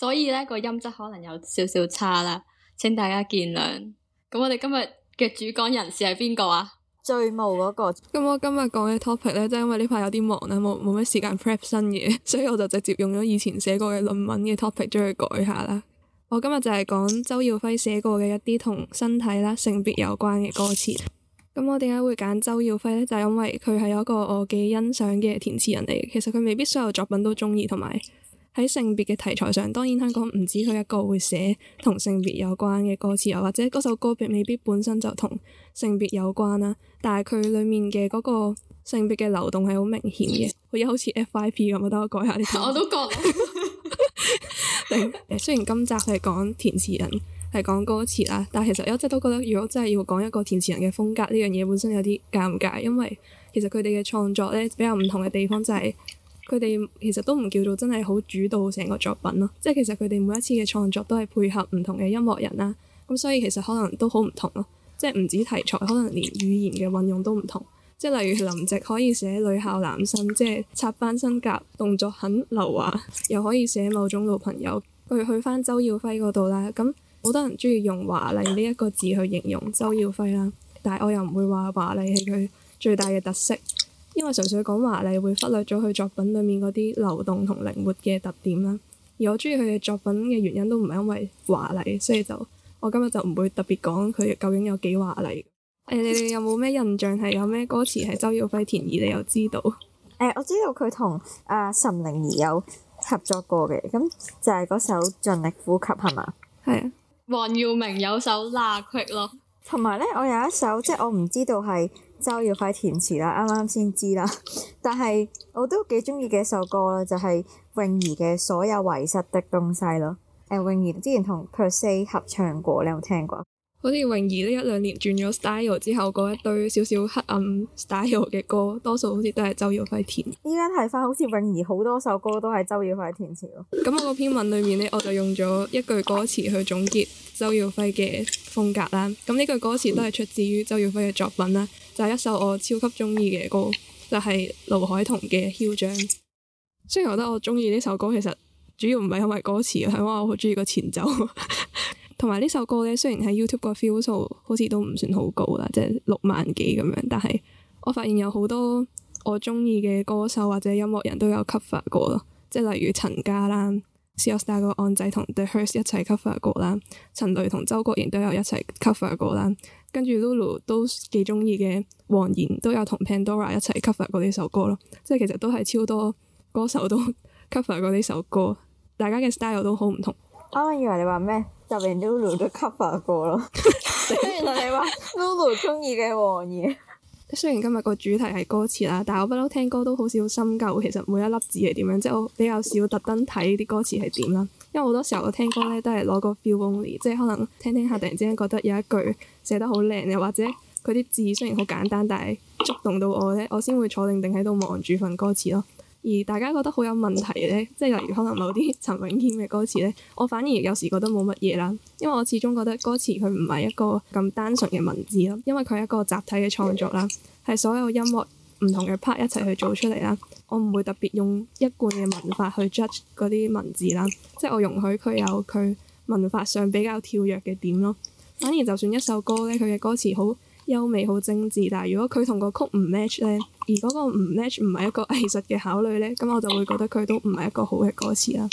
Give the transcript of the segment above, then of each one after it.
所以呢，呢個音質可能有少少差啦，請大家見諒。咁我哋今日嘅主講人士係邊個啊？嗯，最夢嗰個。咁我今日講嘅 topic 呢，就係、是、因為呢排有啲忙啦，冇冇咩時間 prep 新嘢，所以我就直接用咗以前寫過嘅論文嘅 topic 將佢改下啦。我今日就係講周耀輝寫過嘅一啲同身體啦、性別有關嘅歌詞。咁我點解會揀周耀輝呢？就係、是、因為佢係有一個我幾欣賞嘅填詞人嚟嘅。其實佢未必所有作品都中意，同埋。喺性別嘅題材上，當然香港唔止佢一個會寫同性別有關嘅歌詞，又或者嗰首歌未必本身就同性別有關啦，但係佢裏面嘅嗰個性別嘅流動係好明顯嘅，好似好似 FYP 咁，我等我改下啲。看看我都覺， 雖然今集係講填詞人，係講歌詞啦，但係其實一直都覺得，如果真係要講一個填詞人嘅風格呢樣嘢，這個、本身有啲尷尬，因為其實佢哋嘅創作咧比較唔同嘅地方就係、是。佢哋其實都唔叫做真係好主導成個作品咯，即係其實佢哋每一次嘅創作都係配合唔同嘅音樂人啦，咁所以其實可能都好唔同咯，即係唔止題材，可能連語言嘅運用都唔同。即係例如林夕可以寫女校男生，即係插班生甲，動作很劉華，又可以寫某種老朋友。佢去翻周耀輝嗰度啦，咁好多人中意用華麗呢一個字去形容周耀輝啦，但係我又唔會話華麗係佢最大嘅特色。因為純粹講華麗，會忽略咗佢作品裏面嗰啲流動同靈活嘅特點啦。而我中意佢嘅作品嘅原因都唔係因為華麗，所以就我今日就唔會特別講佢究竟有幾華麗。誒、欸，你哋有冇咩印象係有咩歌詞係周耀輝填詞？你又知道？誒、欸，我知道佢同阿岑寧兒有合作過嘅，咁就係嗰首《盡力呼吸》係嘛？係啊。黃耀明有首《罅隙》咯。同埋咧，我有一首即係我唔知道係。周耀輝填詞啦，啱啱先知啦。 但係我都幾中意嘅一首歌咯，就係泳兒嘅《所有遺失的東西》咯。誒、嗯，泳兒之前同 Percy 合唱過，你有冇聽過？好似泳兒呢一兩年轉咗 style 之後，嗰一堆少少黑暗 style 嘅歌，多數好似都係周耀輝填。依家睇翻，好似泳兒好多首歌都係周耀輝填詞咯。咁我篇文裏面呢，我就用咗一句歌詞去總結周耀輝嘅風格啦。咁呢句歌詞都係出自於周耀輝嘅作品啦。第一首我超級中意嘅歌就係、是、盧海彤嘅《囂張》，雖然我覺得我中意呢首歌，其實主要唔係因為歌詞啊，係因為我好中意個前奏。同埋呢首歌咧，雖然喺 YouTube 個 Feel 數好似都唔算好高啦，即係六萬幾咁樣，但係我發現有好多我中意嘅歌手或者音樂人都有 cover 過咯，即係例如陳嘉倫。COS 大個案仔同 The Hearst 一齊 cover 過啦，陳雷同周國賢都有一齊 cover 過啦，跟住 Lulu 都幾中意嘅王妍都有同 Pandora 一齊 cover 過呢首歌咯，即係其實都係超多歌手都 cover 過呢首歌，大家嘅 style 都好唔同。啱啱以為你話咩，就連 Lulu 都 cover 過咯，即係原來你話 Lulu 中意嘅王妍。 雖然今日個主題係歌詞啦，但係我不嬲聽歌都好少深究，其實每一粒字係點樣，即係我比較少特登睇啲歌詞係點啦。因為好多時候我聽歌咧都係攞個 feel only，即係可能聽聽下突然之間覺得有一句寫得好靚，又或者佢啲字雖然好簡單，但係觸動到我咧，我先會坐定定喺度望住份歌詞咯。而大家覺得好有問題咧，即係例如可能某啲陳詠謙嘅歌詞呢，我反而有時覺得冇乜嘢啦，因為我始終覺得歌詞佢唔係一個咁單純嘅文字咯，因為佢係一個集體嘅創作啦，係所有音樂唔同嘅 part 一齊去做出嚟啦，我唔會特別用一貫嘅文法去 judge 嗰啲文字啦，即係我容許佢有佢文法上比較跳躍嘅點咯，反而就算一首歌呢，佢嘅歌詞好優美好精緻，但係如果佢同個曲唔 match 咧，而嗰個唔 match 唔係一個藝術嘅考慮咧，咁我就會覺得佢都唔係一個好嘅歌詞啦。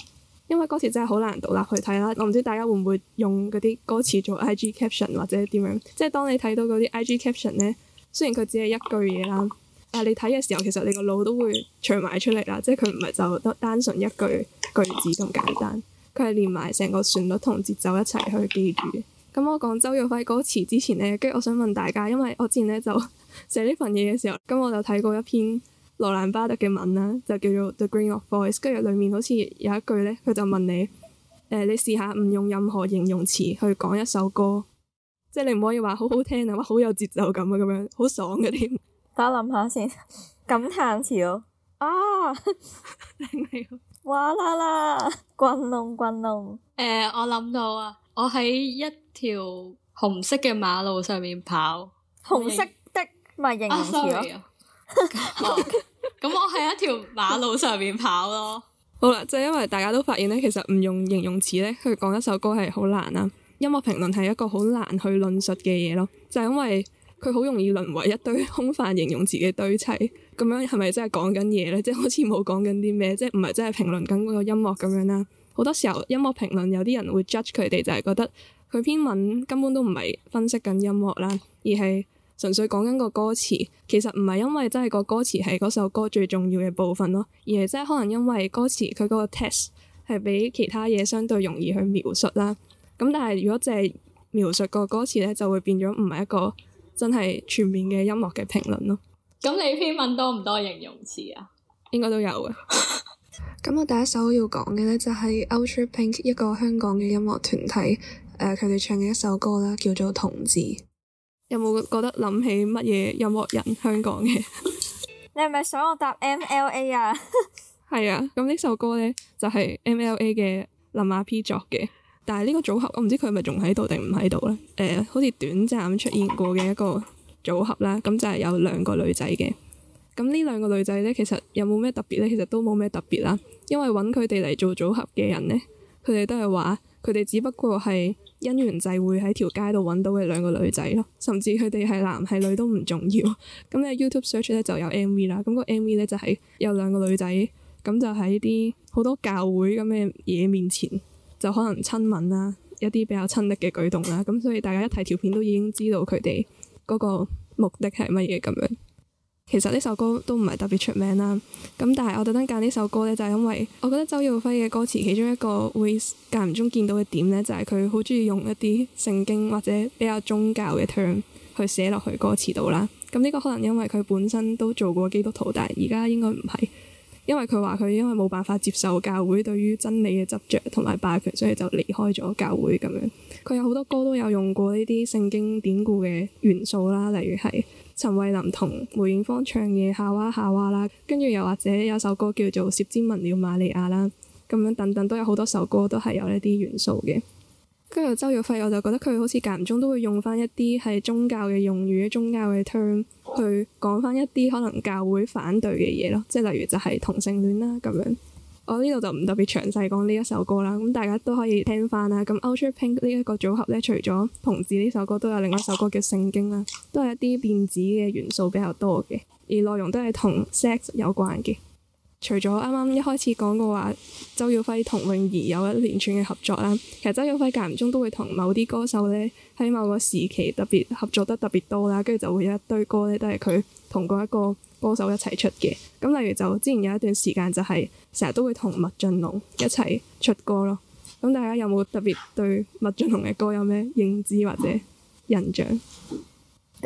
因為歌詞真係好難獨立去睇啦。我唔知大家會唔會用嗰啲歌詞做 IG caption 或者點樣？即係當你睇到嗰啲 IG caption 咧，雖然佢只係一句嘢啦，但係你睇嘅時候，其實你個腦都會唱埋出嚟啦。即係佢唔係就得單純一句句子咁簡單，佢係連埋成個旋律同節奏一齊去記住。咁、嗯、我講周耀輝歌詞之前呢，跟住我想問大家，因為我之前呢就 寫呢份嘢嘅時候，咁、嗯、我就睇過一篇羅蘭巴特嘅文啦，就叫做《The Grain of the Voice》。跟住裡面好似有一句呢，佢就問你：呃、你試下唔用任何形容詞去講一首歌，即係你唔可以話好好聽啊，哇，好有節奏感啊，咁樣好爽嘅添。大家諗下先，感嘆潮哦。啊，你？哇啦啦啦，轟隆轟隆。Uh, 我諗到啊。我喺一條紅色嘅馬路上面跑，紅色的唔係、嗯、形容詞，咁我喺一條馬路上面跑咯。 好啦，就係、是、因為大家都發現咧，其實唔用形容詞咧去講一首歌係好難啦。音樂評論係一個好難去論述嘅嘢咯，就係、是、因為佢好容易淪為一堆空泛形容詞嘅堆砌，咁樣係咪真係講緊嘢咧？即、就、係、是、好似冇講緊啲咩，即係唔係真係評論緊嗰個音樂咁樣啦。好多時候音樂評論有啲人會 judge 佢哋，就係覺得佢篇文根本都唔係分析緊音樂啦，而係純粹講緊個歌詞。其實唔係因為真係個歌詞係嗰首歌最重要嘅部分咯，而係真係可能因為歌詞佢嗰個 text 係比其他嘢相對容易去描述啦。咁但係如果淨係描述個歌詞咧，就會變咗唔係一個真係全面嘅音樂嘅評論咯。咁你篇文多唔多形容詞啊？應該都有嘅。 咁我第一首要講嘅呢，就係 Ultra Pink 一個香港嘅音樂團體，誒、呃，佢哋唱嘅一首歌啦，叫做《同志》，有冇覺得諗起乜嘢音樂人香港嘅？ 你係咪想我答 M L A 啊？係。 啊，咁呢首歌呢，就係、是、M L A 嘅林阿 P 作嘅，但係呢個組合我唔知佢係咪仲喺度定唔喺度咧？誒、呃，好似短暫出現過嘅一個組合啦，咁就係有兩個女仔嘅。咁呢兩個女仔呢，其實有冇咩特別呢？其實都冇咩特別啦。因為揾佢哋嚟做組合嘅人呢，佢哋都係話佢哋只不過係姻緣際會喺條街度揾到嘅兩個女仔咯，甚至佢哋係男係女都唔重要。咁 you 呢 YouTube search 呢就有 MV 啦，咁個 MV 呢就係、係、有兩個女仔，咁就喺啲好多教會咁嘅嘢面前，就可能親吻啦，一啲比較親昵嘅舉動啦。咁所以大家一睇條片都已經知道佢哋嗰個目的係乜嘢咁樣。其實呢首歌都唔係特別出名啦，咁但係我特登揀呢首歌呢，就係、是、因為我覺得周耀輝嘅歌詞其中一個會間唔中見到嘅點呢，就係佢好中意用一啲聖經或者比較宗教嘅 term 去寫落去歌詞度啦。咁呢個可能因為佢本身都做過基督徒，但係而家應該唔係，因為佢話佢因為冇辦法接受教會對於真理嘅執着同埋霸權，所以就離開咗教會咁樣。佢有好多歌都有用過呢啲聖經典故嘅元素啦，例如係。陳慧琳同梅豔芳唱嘢，《夏娃夏娃》啦，跟住又或者有首歌叫做《舌尖吻了瑪利亞》啦，咁樣等等都有好多首歌都係有呢啲元素嘅。跟住周耀輝我就覺得佢好似間唔中都會用翻一啲係宗教嘅用語、宗教嘅 term 去講翻一啲可能教會反對嘅嘢咯，即係例如就係同性戀啦咁樣。我呢度就唔特別詳細講呢一首歌啦，咁大家都可以聽返啦。咁 Ultrapink 呢一個組合呢，除咗《同志》呢首歌，都有另外一首歌叫《聖經》啦，都係一啲電子嘅元素比較多嘅，而內容都係同 sex 有關嘅。除咗啱啱一開始講嘅話，周耀輝同泳兒有一連串嘅合作啦，其實周耀輝間唔中都會同某啲歌手呢，喺某個時期特別合作得特別多啦，跟住就會有一堆歌呢，都係佢同過一個歌手一齊出嘅，咁例如就之前有一段時間就係成日都會同麥浚龍一齊出歌咯。咁大家有冇特別對麥浚龍嘅歌有咩認知或者印象？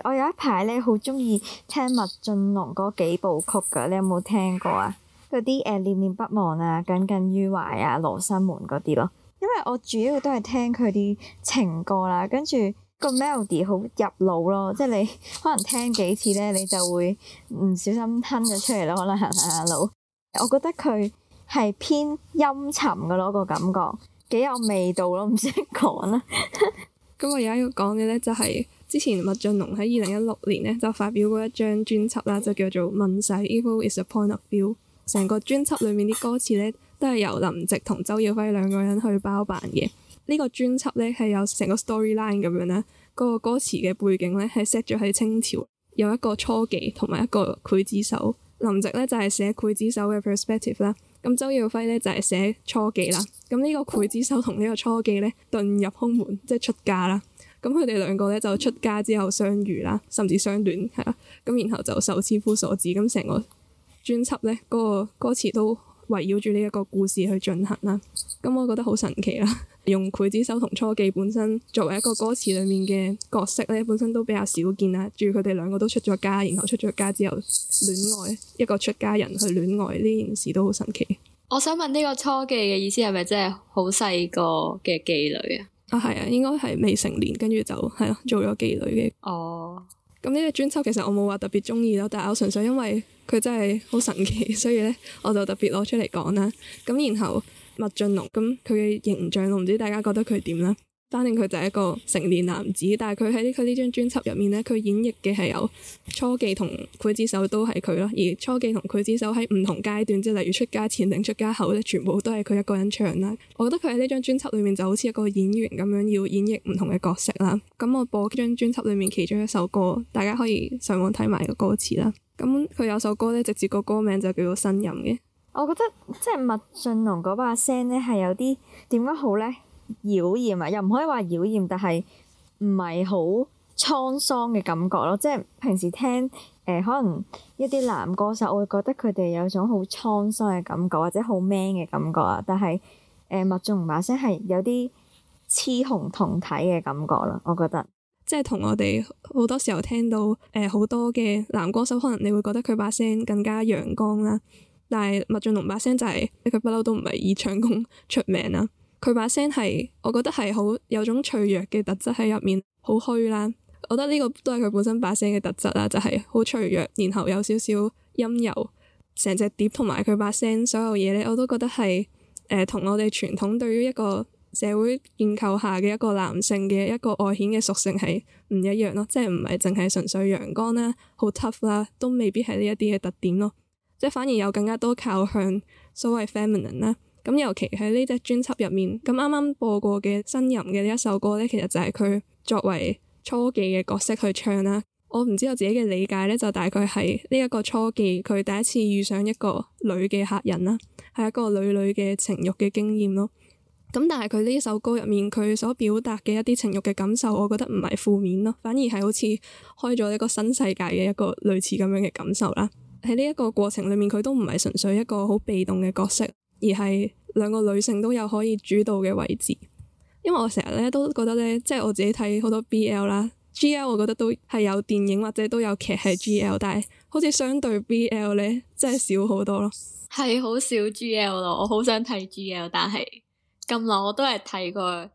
我有一排咧好鍾意聽麥浚龍嗰幾部曲噶，你有冇聽過啊？嗰啲誒念念不忘啊、耿耿於懷啊、羅生門嗰啲咯，因為我主要都係聽佢啲情歌啦，跟住，個 melody 好入腦咯，即係你可能聽幾次咧，你就會唔小心吞咗出嚟咯。可能係下佬，我覺得佢係偏陰沉嘅咯，個感覺幾有味道咯，唔識講啦。咁 我而家要講嘅咧，就係之前麥浚龍喺二零一六年咧就發表過一張專輯啦，就叫做《問世》，Evil Is a Point of View。成個專輯裡面啲歌詞咧，都係由林夕同周耀輝兩個人去包辦嘅。呢個專輯咧係有成個 storyline 咁樣啦，嗰、那個歌詞嘅背景咧係 set 咗喺清朝，有一個雛妓同埋一個劊子手，林夕咧就係、是、寫劊子手嘅 perspective 啦，咁周耀輝咧就係、是、寫雛妓啦，咁呢個劊子手同呢個雛妓咧遁入空門，即係出家啦，咁佢哋兩個咧就出家之後相遇啦，甚至相戀係啦，咁然後就受千夫所指，咁成個專輯咧嗰、那個歌詞都，圍繞住呢一個故事去進行啦，咁我覺得好神奇啦、啊！ 用《劊子手》同《初妓》本身作為一個歌詞裡面嘅角色咧，本身都比較少見啦。住佢哋兩個都出咗家，然後出咗家之後戀愛，一個出家人去戀愛呢件事都好神奇。我想問呢個初妓嘅意思係咪真係好細個嘅妓女啊？啊，係啊，應該係未成年，跟住就係咯、啊，做咗妓女嘅。哦。Oh. 咁呢隻專輯其實我冇話特別鍾意啦，但係我純粹因為佢真係好神奇，所以咧我就特別攞出嚟講啦。咁然後麥浚龍，咁佢嘅形象我唔知大家覺得佢點啦。反正佢就係一個成年男子，但係佢喺佢呢張專輯入面呢，佢演繹嘅係有初記同劊子手都係佢咯。而初記同劊子手喺唔同階段，即係例如出家前定出家後咧，全部都係佢一個人唱啦。我覺得佢喺呢張專輯裡面就好似一個演員咁樣要演繹唔同嘅角色啦。咁我播張專輯裡面其中一首歌，大家可以上網睇埋個歌詞啦。咁佢有首歌咧，直接個歌名就叫做《呻吟》嘅。我覺得即係麥浚龍嗰把聲咧係有啲點樣好咧？妖艷啊，又唔可以話妖艷，但係唔係好滄桑嘅感覺咯。即係平時聽誒、呃、可能一啲男歌手，我會覺得佢哋有種好滄桑嘅感覺，或者好 man 嘅感覺啊。但係誒麥浚龍把聲係有啲雌雄同體嘅感覺啦，我覺得。即係同我哋好多時候聽到誒好、呃、多嘅男歌手，可能你會覺得佢把聲更加陽光啦。但係麥浚龍把聲就係、是、佢不嬲都唔係以唱功出名啦。佢把聲係，我覺得係好有種脆弱嘅特質喺入面，好虛啦。我覺得呢個都係佢本身把聲嘅特質啦，就係好脆弱，然後有少少陰柔。成隻碟同埋佢把聲所有嘢咧，我都覺得係誒同我哋傳統對於一個社會建構下嘅一個男性嘅一個外顯嘅屬性係唔一樣咯，即係唔係淨係純粹陽光啦、好 tough 啦，都未必係呢一啲嘅特點咯，即係反而有更加多靠向所謂 feminine 啦。咁尤其喺呢隻專輯入面，咁啱啱播過嘅呻吟嘅呢一首歌呢，其實就係佢作為雛妓嘅角色去唱啦。我唔知道自己嘅理解呢，就大概係呢一個雛妓佢第一次遇上一個女嘅客人啦，係一個女女嘅情欲嘅經驗咯。咁但係佢呢首歌入面，佢所表達嘅一啲情欲嘅感受，我覺得唔係負面咯，反而係好似開咗一個新世界嘅一個類似咁樣嘅感受啦。喺呢一個過程裏面，佢都唔係純粹一個好被動嘅角色。而係兩個女性都有可以主導嘅位置，因為我成日咧都覺得咧，即係我自己睇好多 BL 啦，GL 我覺得都係有電影或者都有劇係 GL，但係好似相對 BL 咧，真係少好多咯。係好少 GL 咯，我好想睇 GL，但係咁耐我都係睇過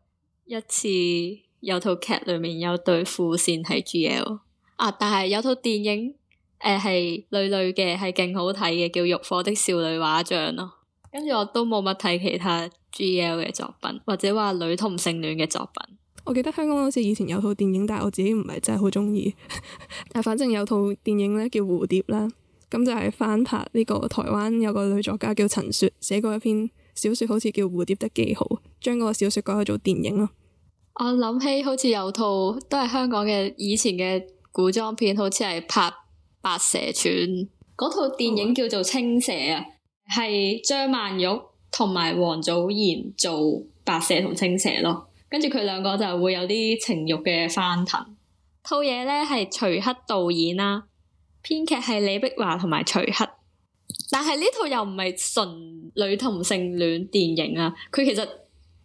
一次有套劇裡面有對副線係 GL 啊，但係有套電影誒係女女嘅係勁好睇嘅，叫《浴火的少女畫像》咯。跟住我都冇乜睇其他 GL 嘅作品，或者話女同性戀嘅作品。我記得香港好似以前有套電影，但係我自己唔係真係好中意。 但係反正有套電影咧叫蝴蝶啦，咁就係翻拍，呢、這個台灣有個女作家叫陳雪寫過一篇小說好，好似叫蝴蝶的記號，將嗰個小說改做電影咯。我諗起好似有套都係香港嘅以前嘅古裝片，好似係拍白蛇傳嗰套電影叫做青蛇啊。Oh yeah. 係張曼玉同埋王祖賢做白蛇同青蛇咯，跟住佢兩個就會有啲情欲嘅翻騰。套嘢咧係徐克導演啦，編劇係李碧華同埋徐克。但係呢套又唔係純女同性戀電影啊，佢其實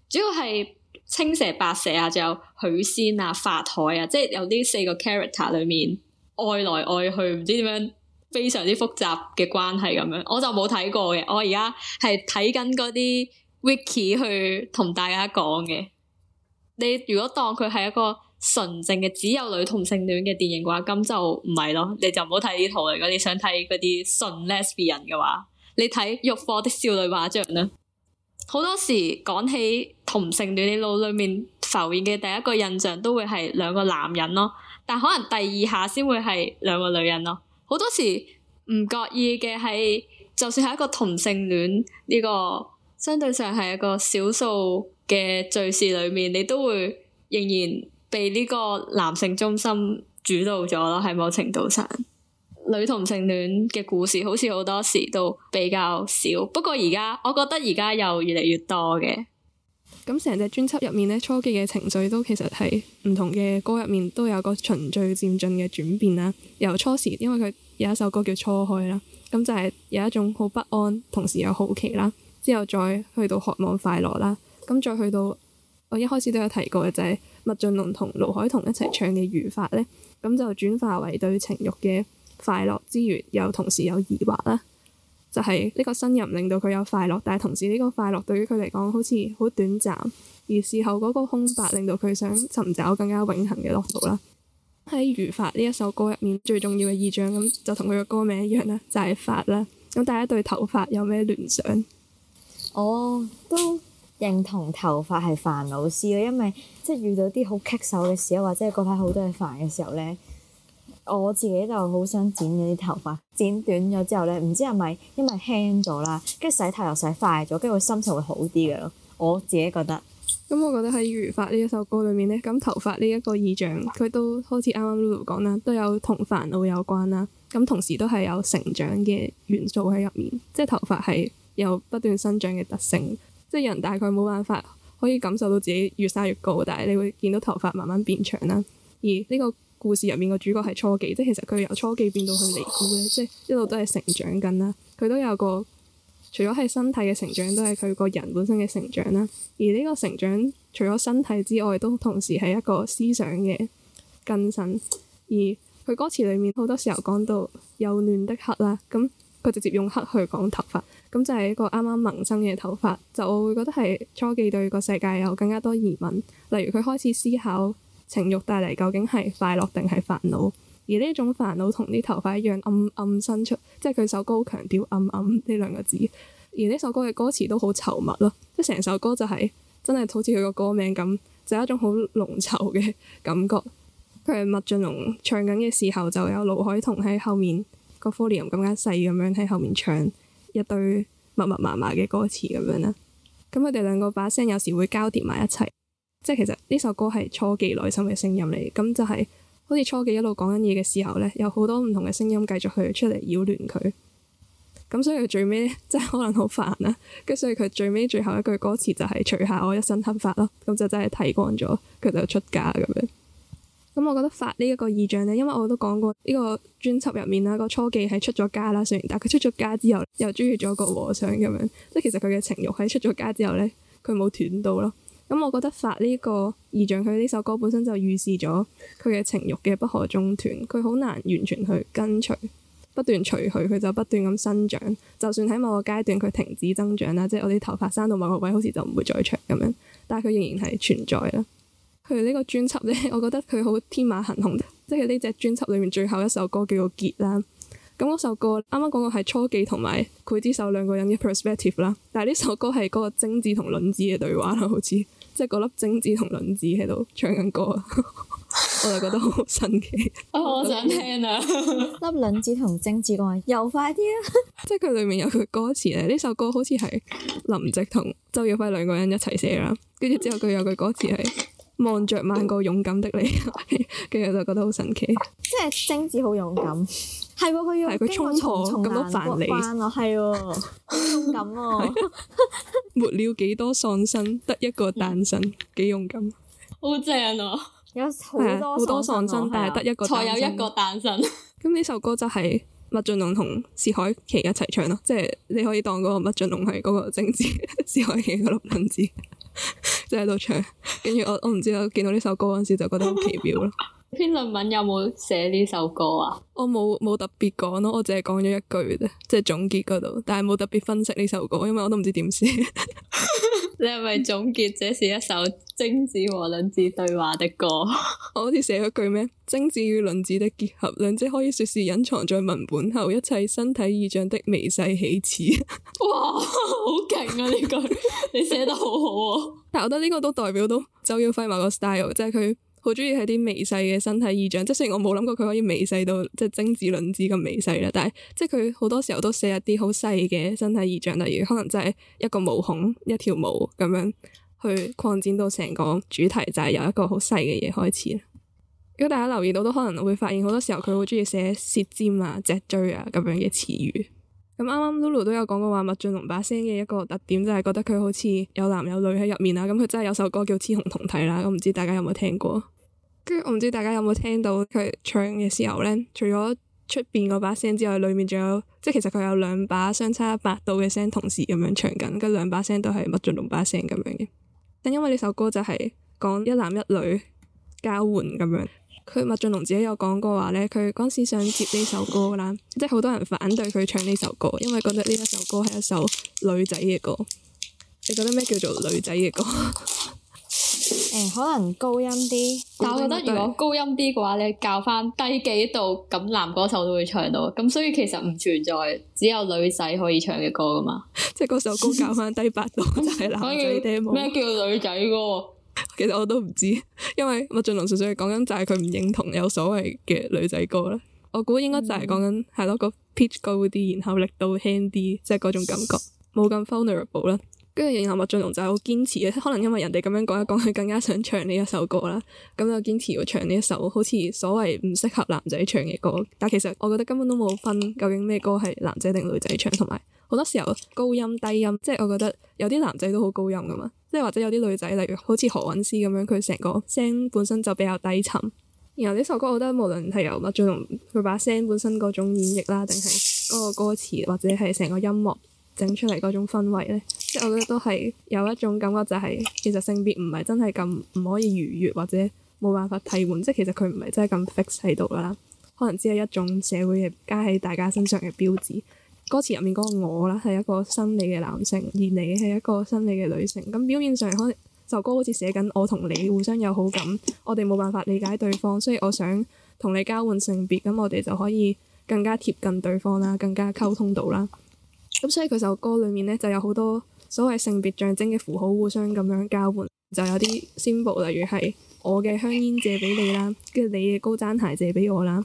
主要係青蛇、白蛇啊，仲有許仙啊、法海啊，即係有啲四個 character 裏面愛來愛去，唔知點樣。非常之複雜嘅關係咁樣，我就冇睇過嘅。我而家係睇緊嗰啲 wiki 去同大家講嘅。你如果當佢係一個純正嘅只有女同性戀嘅電影嘅話，咁就唔係咯。你就唔好睇呢套嚟。如果你想睇嗰啲純 lesbian 嘅話，你睇《浴火的少女畫像》啦。好多時講起同性戀，你腦裏面浮現嘅第一個印象都會係兩個男人咯，但可能第二下先會係兩個女人咯。好多時唔覺意嘅，係就算係一個同性戀呢個相對上係一個少數嘅敘事裏面，你都會仍然被呢個男性中心主導咗咯。喺某程度上，女同性戀嘅故事好似好多時都比較少，不過而家我覺得而家又越嚟越多嘅。咁成隻專輯入面咧，初期嘅情緒都其實係唔同嘅歌入面都有個循序漸進嘅轉變啦。由初時，因為佢有一首歌叫《初開》啦，咁就係有一種好不安，同時又好奇啦。之後再去到渴望快樂啦，咁再去到我一開始都有提過嘅就係麥浚龍同盧凱彤一齊唱嘅《如髮》咧，咁就轉化為對情慾嘅快樂之餘，又同時有疑惑啦。就係呢個呻吟令到佢有快樂，但係同時呢個快樂對於佢嚟講好似好短暫，而事後嗰個空白令到佢想尋找更加永恒嘅樂福啦。喺《如髮》呢一首歌入面最重要嘅意象咁，就同佢嘅歌名一樣啦，就係髮啦。咁大家對頭髮有咩聯想？我、哦、都認同頭髮係煩惱絲咯，因為即係遇到啲好棘手嘅事啊，或者係嗰排好多嘢煩嘅時候咧。我自己就好想剪咗啲頭髮，剪短咗之後咧，唔知係咪因為輕咗啦，跟住洗頭又洗快咗，跟住心情會好啲嘅咯。我自己覺得。咁、嗯、我覺得喺《如髮》呢一首歌裏面咧，咁頭髮呢一個意象，佢都好似啱啱 Lulu 講啦，都有同煩惱有關啦。咁同時都係有成長嘅元素喺入面，即係頭髮係有不斷生長嘅特性。即係人大概冇辦法可以感受到自己越生越高，但係你會見到頭髮慢慢變長啦。而呢、這個故事入面個主角係初幾，即係其實佢由初幾變到去離孤咧，即係一路都係成長緊啦。佢都有個除咗係身體嘅成長，都係佢個人本身嘅成長啦。而呢個成長除咗身體之外，都同時係一個思想嘅更新。而佢歌詞裏面好多時候講到幼嫩的黑啦，咁佢直接用黑去講頭髮，咁就係一個啱啱萌生嘅頭髮。就我會覺得係初幾對個世界有更加多疑問，例如佢開始思考。情欲帶嚟究竟係快樂定係煩惱？而呢一種煩惱同啲頭髮一樣，暗暗伸出，即係佢首歌好強調暗暗呢兩個字。而呢首歌嘅歌詞都好稠密咯，即係成首歌就係、是、真係好似佢個歌名咁，就係、是、一種好濃稠嘅感覺。佢係麥浚龍唱緊嘅時候，就有盧凱彤喺後面個 f o u i e 咁樣細咁樣喺後面唱一堆密密麻麻嘅歌詞咁樣啦。咁佢哋兩個把聲有時會交疊埋一齊。即係其實呢首歌係初記內心嘅聲音嚟，咁就係好似初記一路講緊嘢嘅時候呢，有好多唔同嘅聲音繼續去出嚟擾亂佢，咁所以佢最尾即係可能好煩啦，跟住所以佢最尾最後一句歌詞就係、是、除下我一身黑法咯，咁就真係剃光咗佢就出家咁樣。咁我覺得髮呢一個意象呢，因為我都講過呢、這個專輯入面啦，個初記係出咗家啦，雖然但係佢出咗家之後又中意咗個和尚咁樣，即係其實佢嘅情欲喺出咗家之後呢，佢冇斷到咯。咁、嗯，我覺得髮呢個意象，佢呢首歌本身就預示咗佢嘅情慾嘅不可中斷。佢好難完全去根除，不斷除去佢就不斷咁生長。就算喺某個階段佢停止增長啦，即係我啲頭髮生到某個位，好似就唔會再長咁樣，但係佢仍然係存在啊。佢呢個專輯呢，我覺得佢好天馬行空，即係呢隻專輯裏面最後一首歌叫做結啦。咁嗰、嗯、首歌啱啱講過係初記同埋佢之手兩個人嘅 perspective 啦，但係呢首歌係嗰個精子同卵子嘅對話啦，好似。即係嗰粒精子同卵子喺度唱緊歌， 我就覺得好神奇、 哦。我想聽啊，粒卵子同精子講，又快啲啦！即係佢裏面有句歌詞咧，呢首歌好似係林夕同周耀輝兩個人一齊寫啦。跟住之後佢有句歌詞係望着萬個勇敢的你，跟住我就覺得好神奇。即係精子好勇敢。係喎，佢要。係佢衝錯咁多犯理，係喎，好勇敢喎。沒了幾多喪身，得一個誕生，幾勇敢。好正啊！有好多喪身， 喪但係得一個。才有一個誕生！咁呢 首歌就係麥浚龍同薛凱琪一齊唱咯，即、就、係、是、你可以當嗰個麥浚龍係嗰個精子，薛凱琪嗰粒卵子，即係喺度唱。跟住我知，我唔知啊，見到呢首歌嗰陣時就覺得好奇妙咯。 篇論文有冇寫呢首歌啊？我冇冇特別講咯，我淨係講咗一句啫，即係總結嗰度，但係冇特別分析呢首歌，因為我都唔知點寫。你係咪總結？這是一首精子和卵子對話的歌。 我好似寫咗句咩？精子與卵子的結合，兩者可以說是隱藏在文本後一切身體意象的微細起始。 哇，好勁啊！呢 句你寫得好好啊！ 但係我覺得呢個都代表到周耀輝埋個 style，即係佢。好鍾意喺啲微細嘅身體意象，即係雖然我冇諗過佢可以微細到即係精子卵子咁微細啦，但係即係佢好多時候都寫一啲好細嘅身體意象，例如可能就係一個毛孔、一條毛咁樣去擴展到成個主題，就係、是、由一個好細嘅嘢開始。如果大家留意到，都可能會發現好多時候佢好鍾意寫舌尖啊、脊椎啊咁樣嘅詞語。咁啱啱 Lulu 都有講過話麥浚龍把聲嘅一個特點就係覺得佢好似有男有女喺入面啦，咁佢真係有首歌叫《雌雄同體》啦，咁唔知大家有冇聽過？跟住我唔知大家有冇聽到佢唱嘅時候呢，除咗出邊嗰把聲之外，裏面仲有即係其實佢有兩把相差八度嘅聲同時咁樣唱緊，跟住兩把聲都係麥浚龍把聲咁樣嘅。但因為呢首歌就係講一男一女交換咁樣。佢麥浚龍自己有講過話咧，佢嗰時想接呢首歌啦，即係好多人反對佢唱呢首歌，因為覺得呢一首歌係一首女仔嘅歌。你覺得咩叫做女仔嘅歌？誒、 嗯，可能高音啲，但係我覺得如果高音啲嘅話，你教翻低幾度，咁男歌手都會唱到。咁所以其實唔存在只有女仔可以唱嘅歌噶嘛。即係嗰首歌教翻低八度， 就係男仔嘅歌。咩叫女仔歌？其實我都唔知，因為麥浚龍純粹係講緊就係佢唔認同有所謂嘅女仔歌啦。我估應該就係講緊係咯個 pitch 高啲，然後力度輕啲，即係嗰種感覺冇咁 vulnerable 啦。跟住然後麥浚龍就係好堅持，可能因為人哋咁樣講一講，佢更加想唱呢一首歌啦。咁就堅持要唱呢一首，好似所謂唔適合男仔唱嘅歌。但其實我覺得根本都冇分究竟咩歌係男仔定女仔唱，同埋好多時候高音低音，即係我覺得有啲男仔都好高音噶嘛。即係或者有啲女仔，例如好似何韻詩咁樣，佢成個聲本身就比較低沉。然後呢首歌，我覺得無論係由麥浚龍佢把聲本身嗰種演繹啦，定係嗰個歌詞，或者係成個音樂整出嚟嗰種氛圍咧，即係我覺得都係有一種感覺，就係，就係其實性別唔係真係咁唔可以逾越，或者冇辦法替換。即係其實佢唔係真係咁 fixed 喺度啦，可能只係一種社會嘅加喺大家身上嘅標誌。歌詞入面嗰個我啦，係一個生理嘅男性，而你係一個生理嘅女性。咁表面上可能首歌好似寫緊我同你互相有好感，我哋冇辦法理解對方，所以我想同你交換性別，咁我哋就可以更加貼近對方啦，更加溝通到啦。咁所以佢首歌裡面呢，就有好多所謂性別象徵嘅符號，互相咁樣交換，就有啲 symbol，例如係我嘅香煙借俾你啦，你跟住你嘅高踭鞋借俾我啦，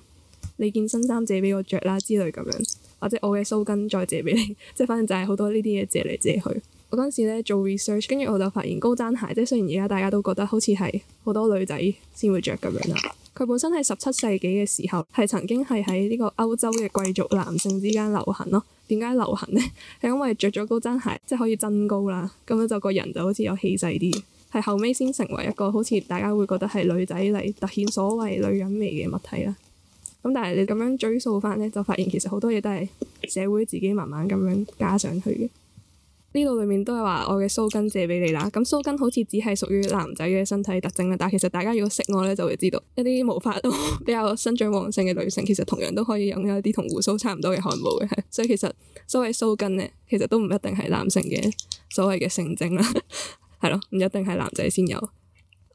你件新衫借俾我着啦之類咁樣。或者我嘅鬚根再借俾你，即係反正就係好多呢啲嘢借嚟借去。我嗰陣時咧做 research，跟住我就發現高踭鞋，即係雖然而家大家都覺得好似係好多女仔先會着咁樣啦。佢本身係十七世紀嘅時候，係曾經係喺呢個歐洲嘅貴族男性之間流行咯。點解流行呢？係因為着咗高踭鞋，即係可以增高啦，咁樣就個人就好似有氣勢啲。係後尾先成為一個好似大家會覺得係女仔嚟突顯所謂女人味嘅物體啦。咁但係你咁樣追溯翻呢，就發現其實好多嘢都係社會自己慢慢咁樣加上去嘅。呢度裏面都係話我嘅鬚根借俾你啦。咁鬚根好似只係屬於男仔嘅身體特徵啦，但係其實大家如果識我呢，就會知道一啲毛髮都比較生長旺盛嘅女性，其實同樣都可以擁有啲同鬍鬚差唔多嘅汗毛嘅。所以其實所謂鬚根呢，其實都唔一定係男性嘅所謂嘅性徵啦，係咯，唔一定係男仔先有。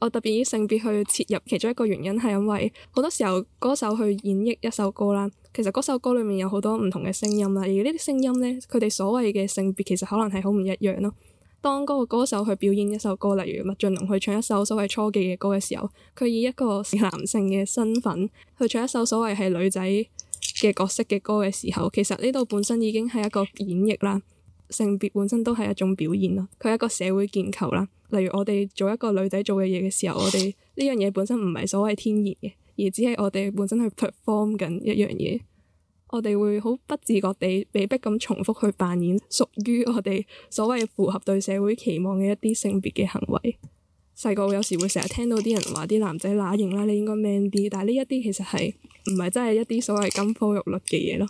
我特別以性別去切入其中一個原因係因為好多時候歌手去演繹一首歌啦，其實歌手歌裡面有好多唔同嘅聲音啦，而呢啲聲音咧，佢哋所謂嘅性別其實可能係好唔一樣咯。當嗰個歌手去表演一首歌，例如麥浚龍去唱一首所謂雌嘅嘅歌嘅時候，佢以一個男性嘅身份去唱一首所謂係女仔嘅角色嘅歌嘅時候，其實呢度本身已經係一個演繹啦。性別本身都係一種表現咯，佢係一個社會建構啦。例如我哋做一個女仔做嘅嘢嘅時候，我哋呢樣嘢本身唔係所謂天然嘅，而只係我哋本身去 perform 緊一樣嘢。我哋會好不自覺地被逼咁重複去扮演屬於我哋所謂符合對社會期望嘅一啲性別嘅行為。細個有時會成日聽到啲人話啲男仔乸型啦，你應該 man 啲，但係呢一啲其實係唔係真係一啲所謂金科玉律嘅嘢咯？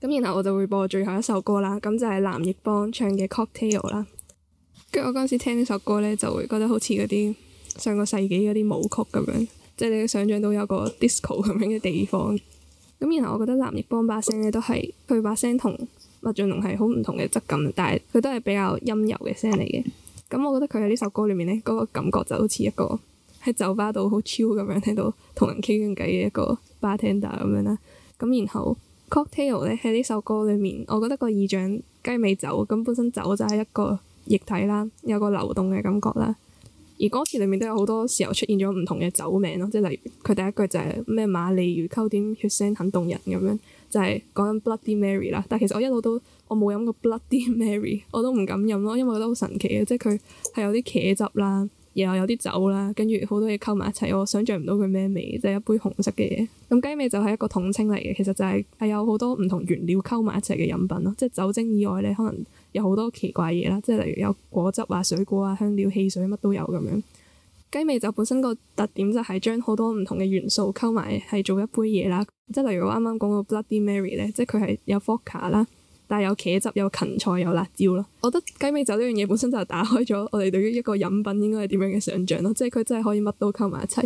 咁然後我就會播最後一首歌啦，咁就係藍奕邦唱嘅《Cocktail》啦。跟住我嗰陣時聽呢首歌咧，就會覺得好似嗰啲上個世紀嗰啲舞曲咁樣，即係你想象到有個 disco 咁樣嘅地方。咁然後我覺得藍奕邦把聲咧都係佢把聲同麥浚龍係好唔同嘅質感，但係佢都係比較陰柔嘅聲嚟嘅。咁我覺得佢喺呢首歌裏面咧，嗰、嗰個感覺就好似一個喺酒吧度好 chill 咁樣，喺度同人傾緊偈嘅一個 bartender 咁樣啦。咁然後。Cocktail 咧，喺呢首歌裏面，我覺得個意象雞尾酒咁本身酒就係一個液體啦，有個流動嘅感覺啦。而歌詞裏面都有好多時候出現咗唔同嘅酒名咯，即係例如佢第一句就係咩馬利與溝點血腥很動人咁樣，就係講緊 Bloody Mary 啦。但係其實我一路都我冇飲過 Bloody Mary，我都唔敢飲咯，因為我覺得好神奇嘅，即係佢係有啲茄汁啦。又有啲酒啦，跟住好多嘢溝埋一齊，我想像唔到佢咩味，即係一杯紅色嘅嘢。咁雞尾酒就係一個統稱嚟嘅，其實就係係有好多唔同原料溝埋一齊嘅飲品咯，即係酒精以外咧，可能有好多奇怪嘢啦，即係例如有果汁啊、水果啊、香料、汽水乜都有咁樣。雞尾酒就本身個特點就係將好多唔同嘅元素溝埋，係做一杯嘢啦。即係例如我啱啱講個 Bloody Mary 呢，即係佢係有 vodka 啦。但係有茄汁、有芹菜、有辣椒囉。我覺得雞尾酒呢樣嘢本身就打開咗我哋對於一個飲品應該係點樣嘅想像咯。即係佢真係可以乜都溝埋一齊。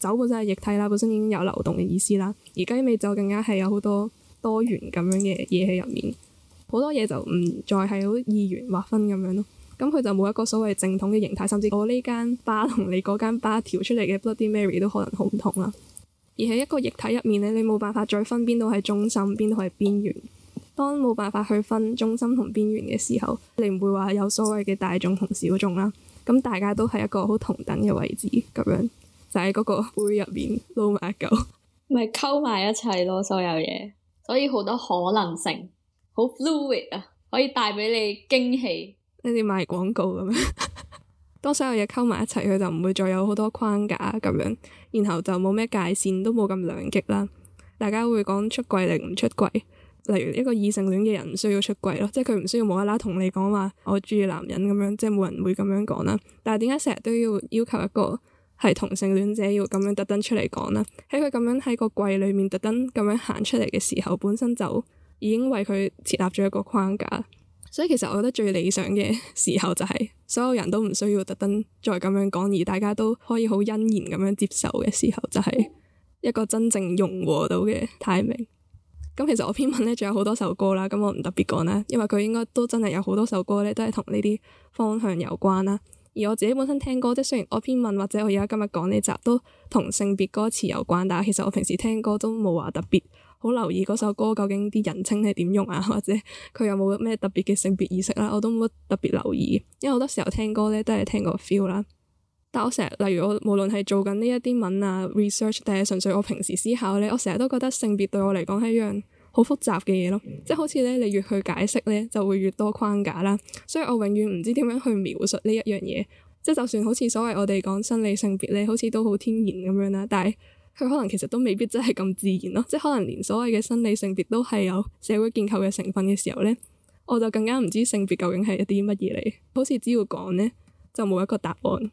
酒本身係液體啦，本身已經有流動嘅意思啦。而雞尾酒更加係有好多多元咁樣嘅嘢喺入面，好多嘢就唔再係好二元劃分咁樣咯。咁佢就冇一個所謂正統嘅形態，甚至我呢間巴同你嗰間巴調出嚟嘅 Bloody Mary 都可能好唔同啦。而喺一個液體入面咧，你冇辦法再分邊度係中心，邊度係邊緣。當冇辦法去分中心同邊緣嘅時候，你唔會話有所謂嘅大眾同小眾啦。咁大家都係一個好同等嘅位置，咁樣就喺、是、嗰個杯入面撈埋一嚿，咪溝埋一齊咯。所有嘢，所以好多可能性，好 fluid 啊，可以帶畀你驚喜。你哋賣廣告咁樣， 當所有嘢溝埋一齊，佢就唔會再有好多框架咁樣，然後就冇咩界線，都冇咁兩極啦。大家會講出櫃定唔出櫃？例如一個異性戀嘅人唔需要出櫃咯，即係佢唔需要無啦啦同你講話我中意男人咁樣，即係冇人會咁樣講啦。但係點解成日都要要求一個係同性戀者要咁樣特登出嚟講呢？喺佢咁樣喺個櫃裡面特登咁樣行出嚟嘅時候，本身就已經為佢設立咗一個框架。所以其實我覺得最理想嘅時候就係所有人都唔需要特登再咁樣講，而大家都可以好欣然咁樣接受嘅時候，就係一個真正融和到嘅 timing。咁其實我篇文咧，仲有好多首歌啦，咁我唔特別講啦，因為佢應該都真係有好多首歌咧，都係同呢啲方向有關啦。而我自己本身聽歌，即係雖然我篇文或者我而家今日講呢集都同性別歌詞有關，但係其實我平時聽歌都冇話特別好留意嗰首歌究竟啲人稱係點用啊，或者佢有冇咩特別嘅性別意識啦，我都冇乜特別留意，因為好多時候聽歌咧都係聽個 feel 啦。但我成日，例如我無論係做緊呢一啲文啊 research，定係純粹我平時思考咧，我成日都覺得性別對我嚟講係一樣好複雜嘅嘢咯。即係好似咧，你越去解釋咧，就會越多框架啦。所以我永遠唔知點樣去描述呢一樣嘢。即係就算好似所謂我哋講生理性別咧，好似都好天然咁樣啦。但係佢可能其實都未必真係咁自然咯。即係可能連所謂嘅生理性別都係有社會建構嘅成分嘅時候咧，我就更加唔知性別究竟係一啲乜嘢嚟。好似只要講咧，就冇一個答案。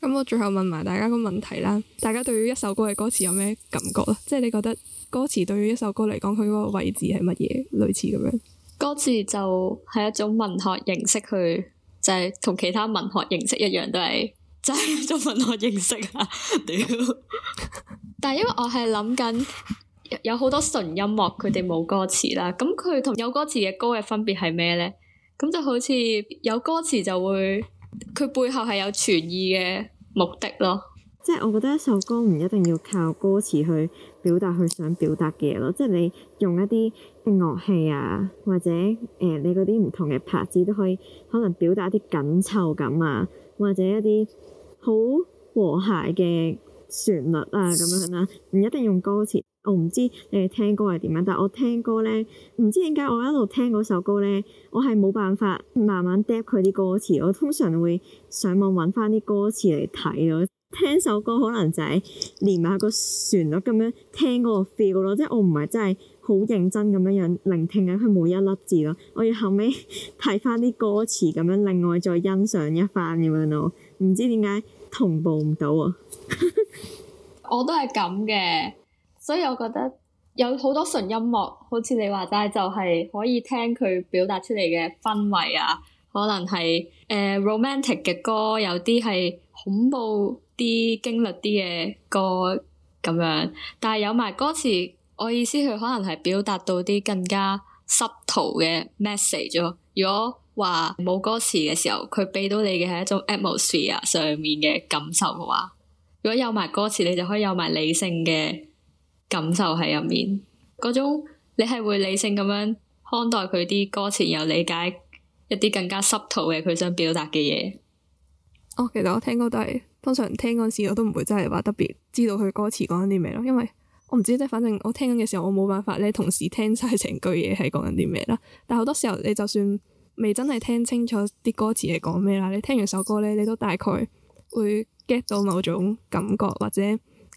咁我最後問埋大家個問題啦，大家對於一首歌嘅歌詞有咩感覺咧？即係你覺得歌詞對於一首歌嚟講，佢嗰個位置係乜嘢類似咁樣？歌詞就係一種文學形式，去就係同其他文學形式一樣，都係就係一種文學形式啊！屌 但係因為我係諗緊有好多純音樂，佢哋冇歌詞啦，咁佢同有歌詞嘅歌嘅分別係咩咧？咁就好似有歌詞就會。佢背後係有傳意嘅目的咯，即係我覺得一首歌唔一定要靠歌詞去表達佢想表達嘅嘢咯，即係你用一啲樂器啊，或者誒、呃、你嗰啲唔同嘅拍子都可以，可能表達一啲緊湊感啊，或者一啲好和諧嘅旋律啊咁樣啦、啊，唔一定用歌詞。我唔知你哋聽歌係點樣，但係我聽歌咧，唔知點解我一路聽嗰首歌咧，我係冇辦法慢慢 decode 佢啲歌詞。我通常會上網揾翻啲歌詞嚟睇咯。聽首歌可能就係連埋個旋律咁樣聽嗰個 feel 咯，即係我唔係真係好認真咁樣樣聆聽緊佢每一粒字咯。我要後尾睇翻啲歌詞咁樣，另外再欣賞一番咁樣咯。唔知點解同步唔到啊？ 我都係咁嘅。所以我覺得有好多純音樂，好似你話齋，就係可以聽佢表達出嚟嘅氛圍啊。可能係誒、呃、romantic 嘅歌，有啲係恐怖啲、驚慄啲嘅歌咁樣。但係有埋歌詞，我意思佢可能係表達到啲更加 subtle 嘅 message 咯。如果話冇歌詞嘅時候，佢俾到你嘅係一種 atmosphere 上面嘅感受嘅話，如果有埋歌詞，你就可以有埋理性嘅。感受喺入面，嗰種你係會理性咁樣看待佢啲歌詞，又理解一啲更加濕套嘅佢想表達嘅嘢。哦，其實我聽歌都係通常聽嗰時，我都唔會真係話特別知道佢歌詞講緊啲咩咯，因為我唔知即係反正我聽緊嘅時候，我冇辦法咧同時聽晒成句嘢係講緊啲咩啦。但係好多時候你就算未真係聽清楚啲歌詞係講咩啦，你聽完首歌咧，你都大概會 get 到某種感覺或者。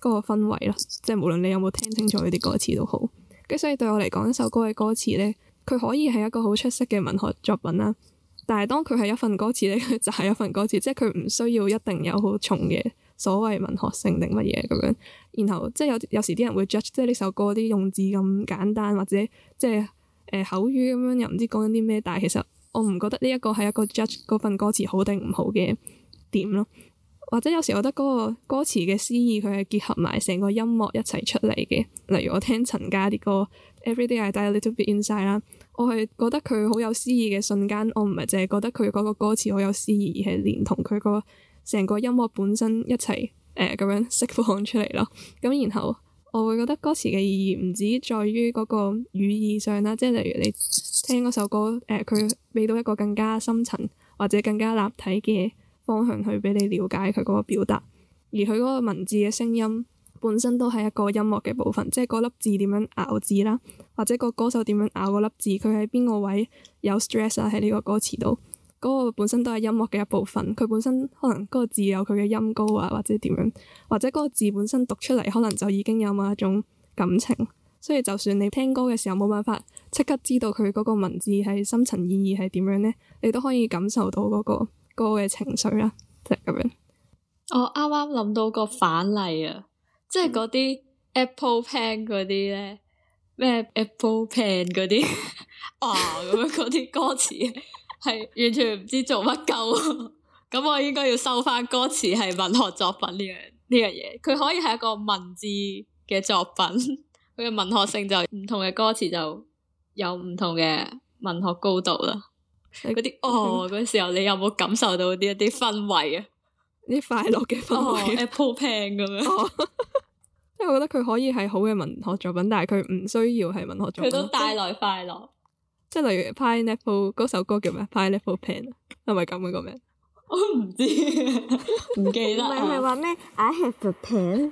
嗰個氛圍咯，即係無論你有冇聽清楚佢啲歌詞都好，咁所以對我嚟講，一首歌嘅歌詞咧，佢可以係一個好出色嘅文學作品啦。但係當佢係一份歌詞咧，佢就係一份歌詞，即係佢唔需要一定有好重嘅所謂文學性定乜嘢咁樣。然後即係有有時啲人會 judge，即係呢首歌啲用字咁簡單，或者即係誒、呃、口語咁樣，又唔知講緊啲咩。但係其實我唔覺得呢一個係一個 judge 嗰份歌詞好定唔好嘅點咯。或者有時我覺得嗰個歌詞嘅詩意，佢係結合埋成個音樂一齊出嚟嘅。例如我聽陳家啲歌《Everyday I Die A Little Bit Inside》啦，我係覺得佢好有詩意嘅瞬間。我唔係淨係覺得佢嗰個歌詞好有詩意，而係連同佢個成個音樂本身一齊誒咁樣釋放出嚟咯。咁 然後我會覺得歌詞嘅意義唔止在於嗰個語義上啦，即係例如你聽嗰首歌誒，佢、呃、畀到一個更加深層或者更加立體嘅。方向去畀你了解佢嗰個表達，而佢嗰個文字嘅聲音本身都係一個音樂嘅部分，即係嗰粒字點樣咬字啦，或者個歌手點樣咬嗰粒字，佢喺邊個位有 stress 啊，喺呢個歌詞度嗰個本身都係音樂嘅一部分。佢本身可能嗰個字有佢嘅音高啊，或者點樣，或者嗰個字本身讀出嚟可能就已經有某一種感情。所以就算你聽歌嘅時候冇辦法即刻知道佢嗰個文字係深層意義係點樣咧，你都可以感受到嗰個。高嘅情緒啊，就咁、是、樣。我啱啱諗到個反例啊，即係嗰啲 Apple Pen 嗰啲咧，咩 Apple Pen 嗰啲啊，咁樣嗰啲歌詞係完全唔知做乜鳩。咁 我應該要收翻歌詞係文學作品呢樣呢樣嘢，佢、這個、可以係一個文字嘅作品，佢嘅文學性就唔同嘅歌詞就有唔同嘅文學高度啦。嗰啲哦，嗰時候你有冇感受到啲一啲氛圍啊？啲快樂嘅氛圍、哦、，Apple Pen 咁樣、哦。 即係我覺得佢可以係好嘅文學作品，但係佢唔需要係文學作品。佢都帶來快樂。即係例如 Pineapple 嗰首歌叫咩？Pineapple Pen 係咪咁嘅個名？我唔不知 記了 是，唔記得。唔係，係話咩？I have a pen。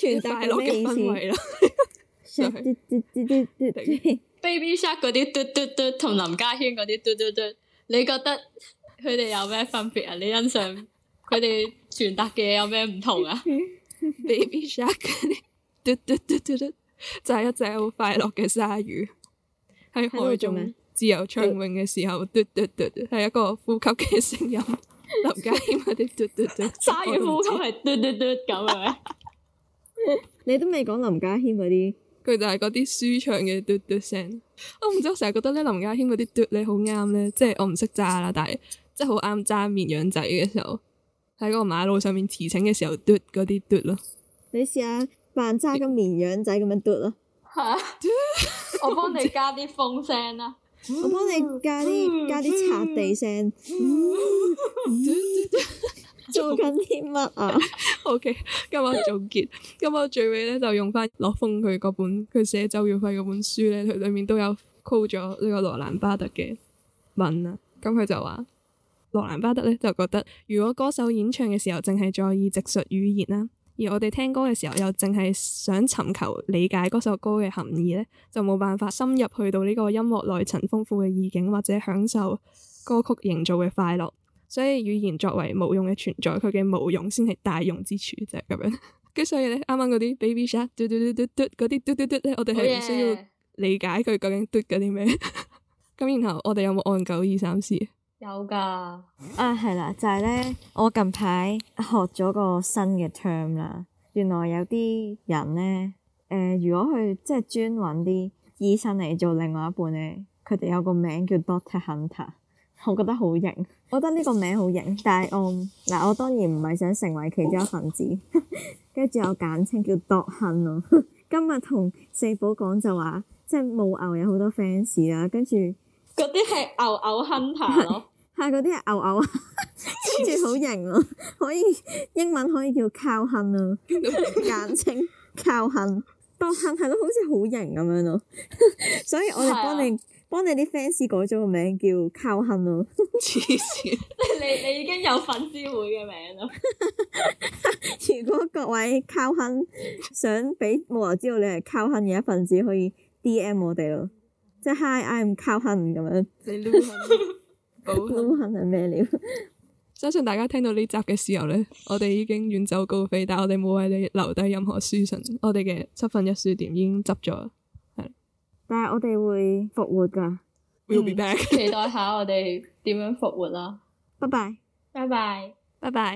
全快樂嘅氛圍啦，Baby Shark 嗰啲嘟嘟嘟，同林家謙嗰啲嘟嘟嘟，你覺得佢哋有咩分別啊？你欣賞佢哋傳達嘅嘢有咩唔同啊？Baby Shark 嗰啲嘟嘟嘟嘟嘟，就係一隻好快樂嘅鯊魚，喺海中自由暢泳嘅時候嘟嘟嘟，係一個呼吸嘅聲音。林家謙嗰啲嘟嘟嘟，鯊魚呼吸係嘟嘟嘟咁樣。 你都未講林家謙嗰啲，佢就係嗰啲舒暢嘅嘟嘟聲。我唔知，我成日覺得咧林家謙嗰啲嘟你好啱咧，即係我唔識揸啦，但係即係好啱揸綿羊仔嘅時候，喺嗰個馬路上面馳騁嘅時候嘟嗰啲嘟咯。你試下扮揸個綿羊仔咁樣嘟咯。係啊，我幫你加啲風聲啦， 我幫你加啲加啲擦地聲。 做緊啲乜啊 ？OK，今日總結，今日我最尾咧就用翻洛楓佢嗰本佢寫周耀輝嗰本書咧，佢裏面都有 call 咗呢個羅蘭巴特嘅文啊。咁佢、嗯、就話羅蘭巴特咧就覺得，如果歌手演唱嘅時候淨係在意直述語言啦，而我哋聽歌嘅時候又淨係想尋求理解嗰首歌嘅含義咧，就冇辦法深入去到呢個音樂內層豐富嘅意境，或者享受歌曲營造嘅快樂。所以語言作為無用嘅存在，佢嘅無用先係大用之處，就係、是、咁樣。跟 所以咧，啱啱嗰啲 baby shark 嘟嘟嘟嘟嘟嗰啲嘟嘟嘟咧，我哋係唔需要理解佢究竟嘟緊啲咩。咁 然後我哋有冇按九二三四？有㗎啊，係啦，就係、是、咧。我近排學咗個新嘅 term 啦。原來有啲人咧，誒、呃，如果去即係專揾啲醫生嚟做另外一半咧，佢哋有個名叫 doctor hunter，我覺得好型。我覺得呢個名好型，但係我嗱，我當然唔係想成為其中一份子，跟 住我簡稱叫多幸咯。 今日同四寶講就話，即係霧牛有好多 fans 啦，跟住嗰啲係牛牛 hunter 係嗰啲係牛牛，跟住好型咯，可以英文可以叫 cow 亨啊，叫到 簡稱 cow 亨，奪亨係咯，好似好型咁樣咯， 所以我哋幫你。幫你啲 fans 改咗個名叫靠 o w 咯，黐線！你你已經有粉絲會嘅名咯。如果各位靠 o 想畀冇人知道你係靠 o w 嘅一份子，可以 D M 我哋咯。即係 Hi，I'm 靠 o w h e n 樣。你 l u h a n l u h e n 係咩料？相信大家聽到呢集嘅時候咧， 我哋已經遠走高飛，但係我哋冇為你留低任何書信。我哋嘅七分一書店已經執咗。但係我哋會復活噶，嗯、期待下我哋點樣復活啦！拜拜，拜拜，拜拜。